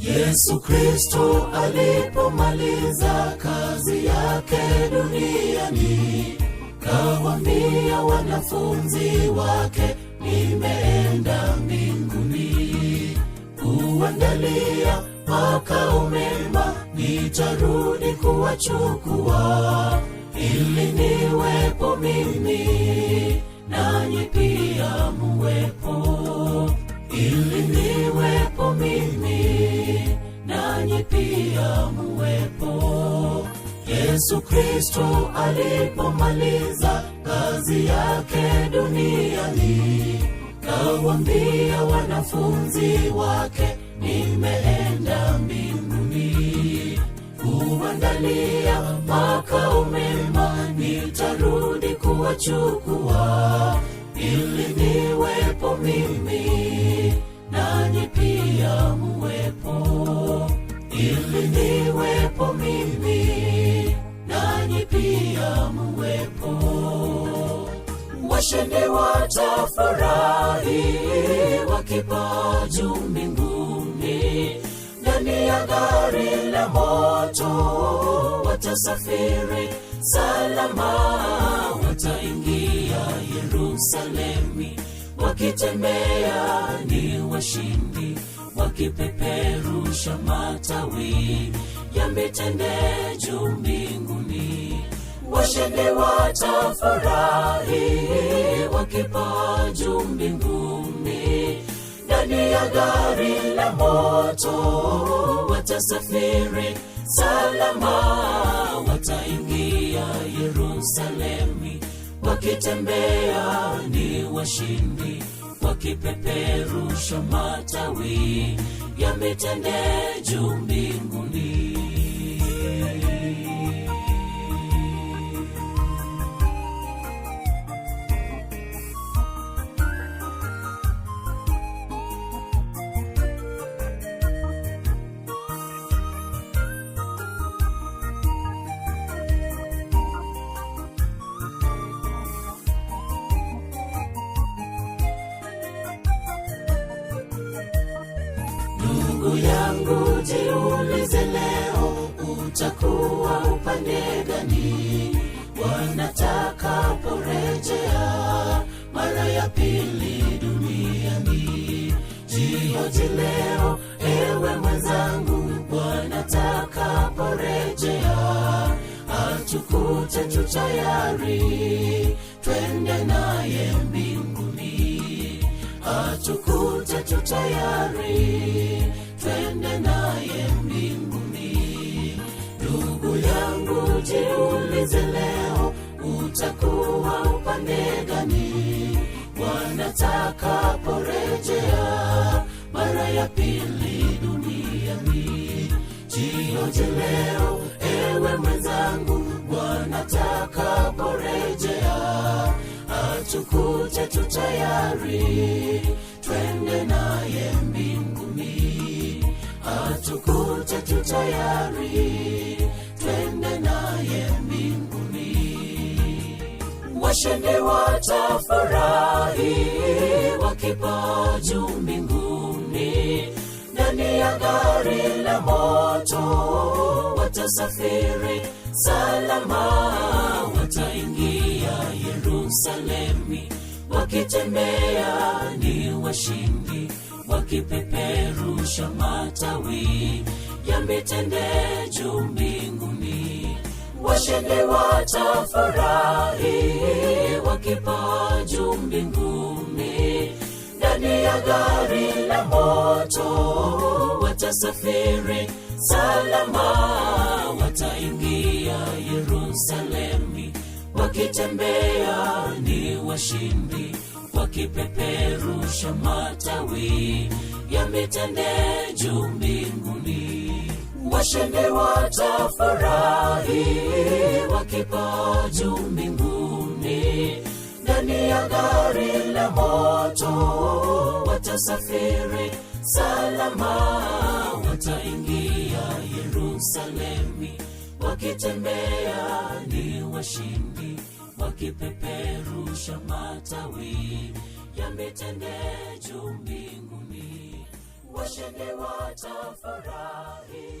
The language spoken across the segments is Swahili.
Yesu Kristo alipomaliza kazi yake duniani, kawaambia wanafunzi wake, nimeenda mbinguni kuandalia makao mema, nitarudi kuwachukua ili niwepo mimi nanyi pia muwepo. Kristo alipomaliza kazi yake duniani, kawambia wanafunzi wake, nimeenda mbinguni kuandalia makao mema, nitarudi kuwachukua ili niwepo mimi nanyi pia muwepo, ili niwepo mimi atamuwepo, washende watafurahi wakipaa juu mbinguni, ndani ya gari la moto watasafiri salama, wataingia Yerusalemi wakitembea ni washindi, wakipeperusha matawi ya juu mbinguni washindi watafurahi wakipaa juu mbinguni ndani ya gari la moto watasafiri salama wataingia yerusalemi wakitembea ni washindi wakipeperusha matawi ya juu mbinguni kuwa upande gani porejea mara ya pili duniani jihoji leo ewe mwenzangu wanatakaporejea porejea tu tayari twende naye mbinguni atukute tu tayari twende naye ujiulize leo utakuwa upande gani wanatakaporejea mara ya pili duniani jioje leo ewe mwenzangu wanatakaporejea atukute tu tayari twende naye mbinguni atukute tu washindi watafurahi wakipaa juu mbinguni ndani ya gari la moto watasafiri salama wataingia yerusalemi wakitembea ni washindi wakipeperusha matawi ya mitende juu mbinguni washindi watafurahi yake juu mbinguni ndani ya gari la moto watasafiri salama wataingia yerusalemi wakitembea ni washindi wakipeperusha matawi ya mitende juu mbinguni washindi watafurahi wakipa juu mbinguni ndani ya gari la moto watasafiri salama, wataingia yerusalemi wakitembea ni washindi, wakipeperusha matawi ya mitende juu mbinguni, washende watafurahi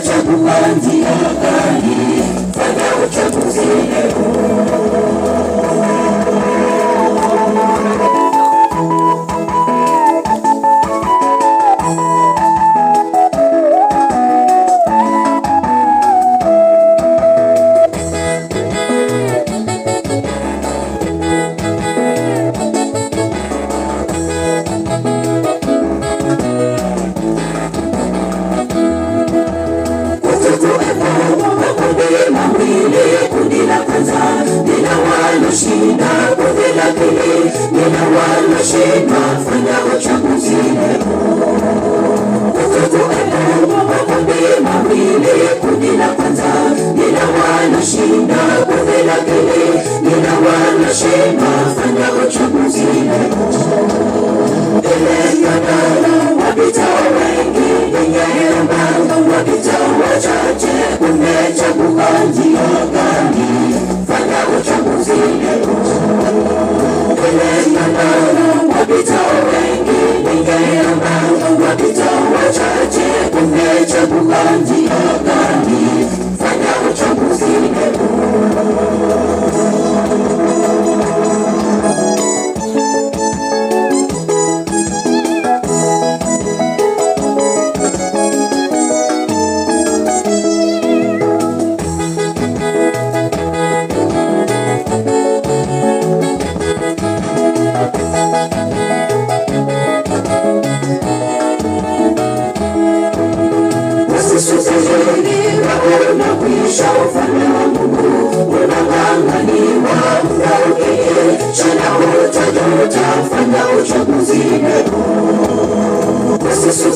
Uchungu wa nchi ya Uganda, fanya uchunguzi leo.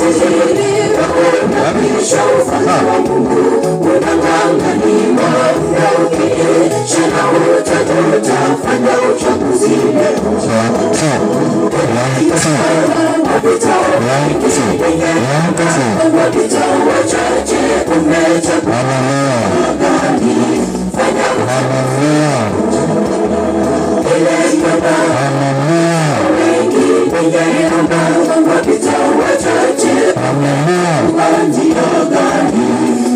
Kuonyesha ufalme wa Mungu unang'ang'aniwa na ukiisha na wote tutafanya uchaguzi leo. Wapita wapita wachache umechagua gani? Fanya ile ibada wengi kwenye ibada wapita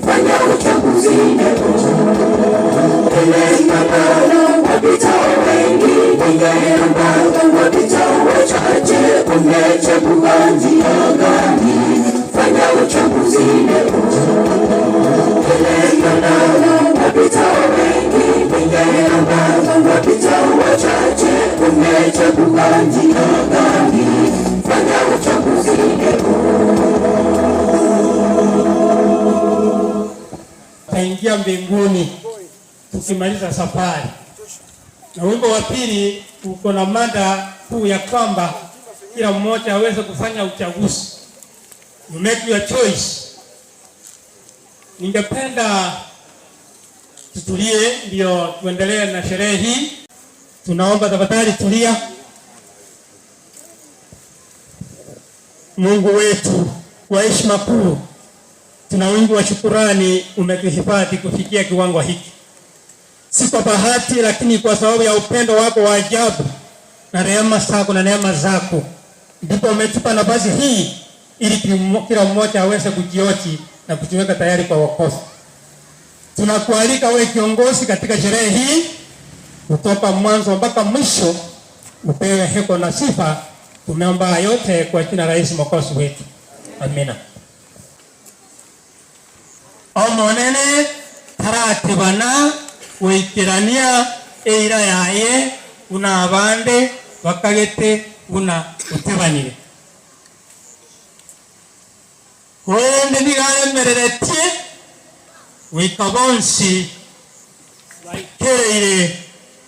Fanya uchaguzi kusimaliza safari. Na wimbo wa pili uko na mada kuu ya kwamba kila mmoja aweze kufanya uchaguzi, you make your choice. Ningependa tutulie, ndio tuendelee na sherehe hii. Tunaomba tafadhali, tulia. Mungu wetu wa heshima kuu, tuna wingi wa shukurani, umetuhifadhi kufikia kiwango hiki si kwa bahati, lakini kwa sababu ya upendo wako wa ajabu na rehema zako na neema zako, ndipo umetupa nafasi hii ili kila mmoja aweze kujioti na kujiweka tayari kwa wokovu. Tunakualika wewe kiongozi katika sherehe hii, kutoka mwanzo mpaka mwisho, upewe heko na sifa. Tumeomba yote kwa jina la Yesu mwokozi wetu, amina. omonene taratibana kuitirania eira yaye una abande bakagete una utebanire wende ndigaremereretie wika bonsi waikereire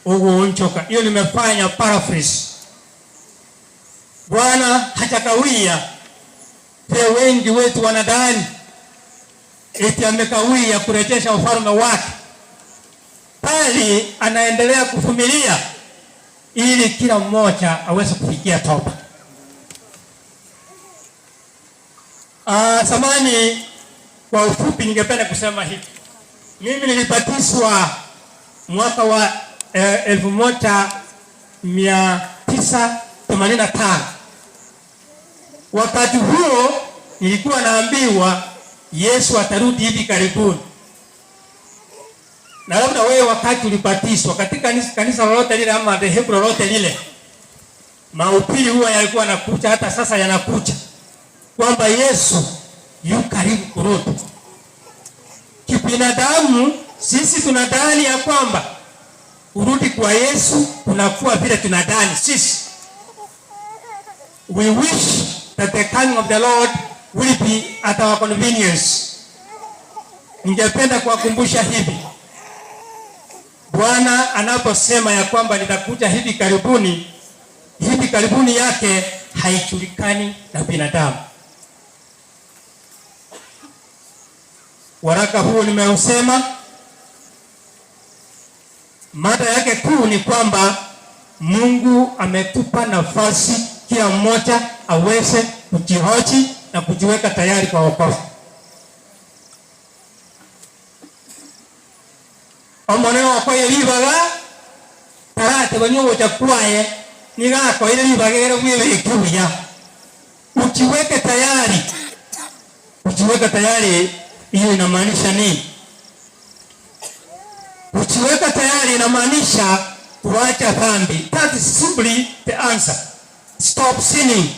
uguunchoka iyo nimefanya paraphrase Bwana hatakawia Pia wengi wetu wanadhani eti amekawia kurejesha ufalme wake bali anaendelea kuvumilia ili kila mmoja aweze kufikia toba. Ah, samani kwa ufupi ningependa kusema hivi. Mimi nilibatizwa mwaka wa eh, elfu moja mia tisa themanini na tano. Wakati huo nilikuwa naambiwa Yesu atarudi hivi karibuni na labda wewe wakati ulibatizwa katika kanisa kanisa lolote lile ama dhehebu lolote lile, maupili huwa yalikuwa yanakucha, hata sasa yanakucha kwamba Yesu yu karibu kurudi. Kibinadamu sisi tunadhani ya kwamba kurudi kwa Yesu kunakuwa vile tunadhani sisi, we wish that the coming of the Lord will be at our convenience. Ningependa kuwakumbusha hivi Bwana anaposema ya kwamba nitakuja hivi karibuni, hivi karibuni yake haijulikani na binadamu. Waraka huu nimeusema, mada yake kuu ni kwamba Mungu ametupa nafasi kila mmoja aweze kujihoji na kujiweka tayari kwa wokovu. omonene okoire bibaga tarateba nyogocha kwaye nigakoire bibagere mwebeke buya uchiweke tayari uchiweke tayari iyo inamaanisha ni uchiweke tayari inamaanisha kuacha dhambi. That is simply the answer. Stop sinning.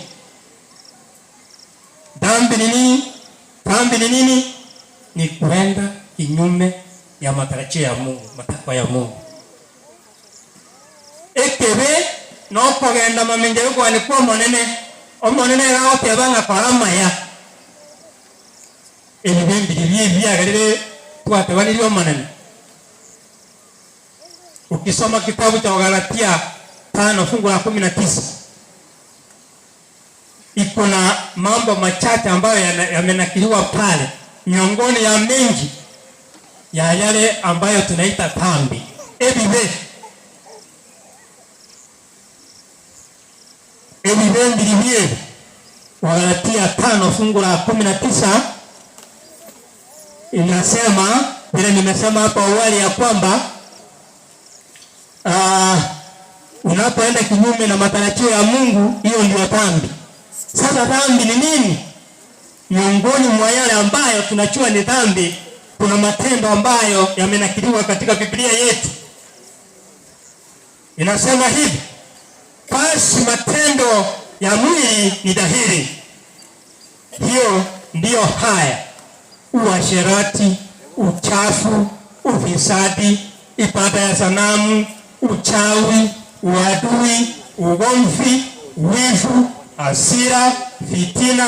Dhambi ni nini? Dhambi ni nini? Ni kuenda kinyume ya matarajio ya Mungu, matakwa ya Mungu ekebe no kogenda mamenjero gwani kwa monene omonene era banga kwa rama ya ebibe kwa byebiagarire twatebanirie omonene ukisoma kitabu cha Wagalatia tano fungu la kumi na tisa iko na mambo machache ambayo yamenakiliwa pale miongoni ya mengi ya yale ambayo tunaita dhambi ebibe ebibe mbilibyeb Wagalatia tano fungu la kumi na tisa inasema vile nimesema hapo awali ya kwamba uh, unapoenda kinyume na matarajio ya Mungu, hiyo ndio dhambi. Sasa dhambi ni nini? Miongoni mwa yale ambayo tunajua ni dhambi kuna matendo ambayo yamenakiliwa katika Biblia yetu. Inasema hivi, basi matendo ya mwili ni dhahiri, hiyo ndiyo haya: uasherati, uchafu, ufisadi, ibada ya sanamu, uchawi, uadui, ugomvi, wivu, hasira, fitina,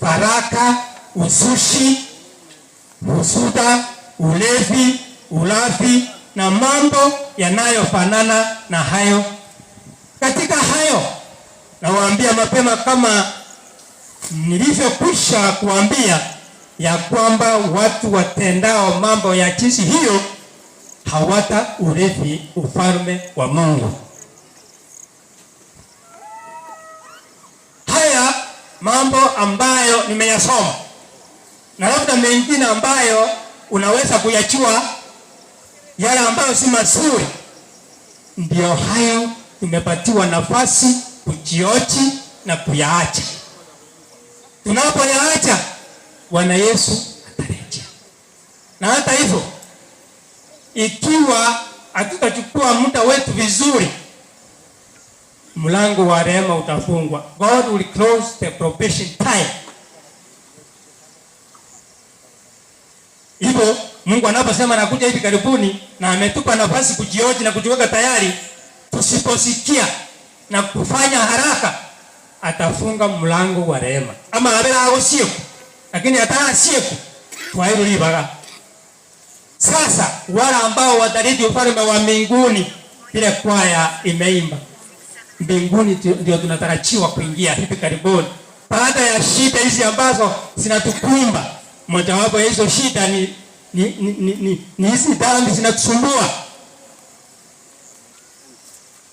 faraka, uzushi usuda, ulevi, ulafi na mambo yanayofanana na hayo. Katika hayo nawaambia mapema kama nilivyokwisha kuambia ya kwamba watu watendao mambo ya jinsi hiyo hawata urithi ufalme wa Mungu. Haya mambo ambayo nimeyasoma na labda mengine ambayo unaweza kuyachua yale ambayo si mazuri, ndiyo hayo imepatiwa nafasi kujiochi na kuyaacha. Tunapoyaacha Bwana Yesu atarejea. Na hata hivyo, ikiwa hatutachukua muda wetu vizuri, mlango wa rehema utafungwa. God will close the probation time. Hivyo Mungu anaposema anakuja hivi karibuni na ametupa nafasi kujioji na kujiweka tayari, tusiposikia na kufanya haraka, atafunga mlango wa rehema ama abelago sieku, lakini ataa sieku twairulivaga. Sasa wale ambao wataridi ufalme wa mbinguni, ile kwaya imeimba mbinguni, ndio tunatarajiwa kuingia hivi karibuni, baada ya shida hizi ambazo zinatukumba mojawapo ya hizo shida ni ni ni, ni, ni, ni dhambi zinatusumbua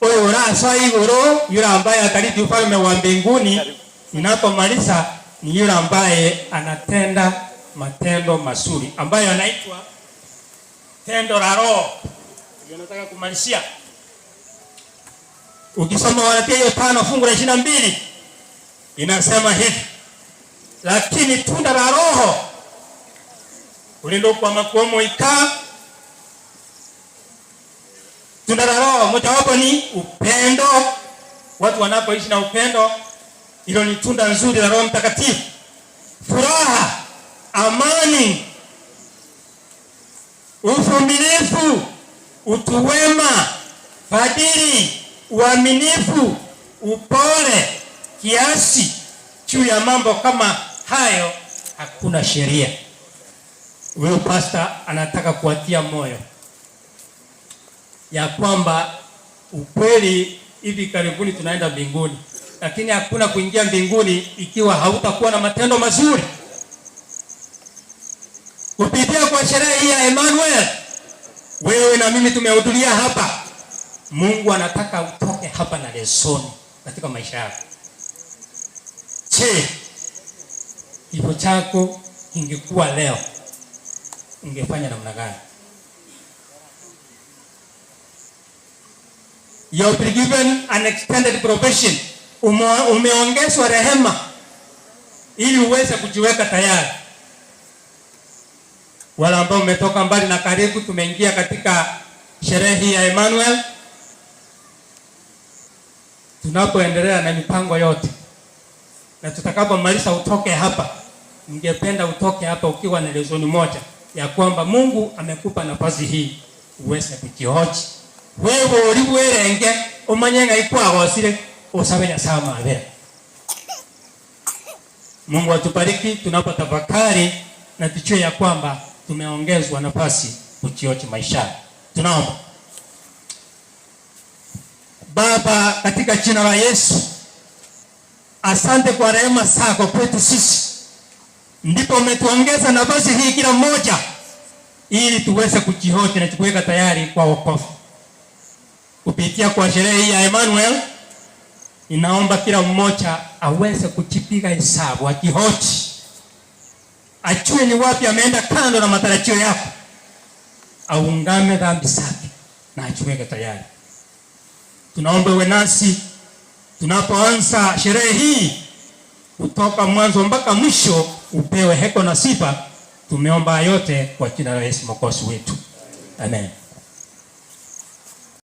oyo urasa iguru yule ambaye ataridi ufalme wa mbinguni ninapomaliza ni yule ambaye anatenda matendo mazuri ambayo anaitwa tendo la Roho. Nataka kumalizia, ukisoma Walatia hiyo tano fungu la ishirini na mbili inasema hivi, lakini tunda la Roho kulindo kwa makuomo ikaa tunda la Roho ni upendo. Watu wanapoishi na upendo, hilo ni tunda nzuri la Roho Mtakatifu. Furaha, amani, uvumilivu, utu wema, fadhili, uaminifu, upole, kiasi. Juu ya mambo kama hayo hakuna sheria huyo pasta anataka kuatia moyo ya kwamba ukweli, hivi karibuni tunaenda mbinguni, lakini hakuna kuingia mbinguni ikiwa hautakuwa na matendo mazuri. Kupitia kwa sherehe hii ya Emmanuel, wewe na mimi tumehudhuria hapa, Mungu anataka utoke hapa na lesoni katika maisha yako. Che, kifo chako ingekuwa leo ungefanya namna gani? You have been given an extended probation. Umeongezwa rehema ili uweze kujiweka tayari. Wale ambao umetoka mbali na karibu, tumeingia katika sherehe ya Emmanuel, tunapoendelea na mipango yote na tutakapomaliza utoke hapa, ningependa utoke hapa ukiwa na lezoni moja ya kwamba Mungu amekupa nafasi hii uweze kujihoji wewe uri werenge umanye ngai usabe Nyasaye mabera. Mungu atubariki tunapotafakari na tujue ya kwamba tumeongezwa nafasi kujihoji maisha Tunaomba Baba, katika jina la Yesu, asante kwa rehema zako kwetu sisi ndipo umetuongeza nafasi hii kila mmoja, ili tuweze kujihoji na kuweka tayari kwa wokovu kupitia kwa sherehe hii ya Emmanuel. Ninaomba kila mmoja aweze kujipiga hesabu, ajihoji, ajue ni wapi ameenda kando na matarajio yako, aungame dhambi zake na ajiweke tayari. Tunaomba uwe nasi tunapoanza sherehe hii kutoka mwanzo mpaka mwisho upewe heko na sifa. Tumeomba yote kwa jina la Yesu mwokozi wetu, amen.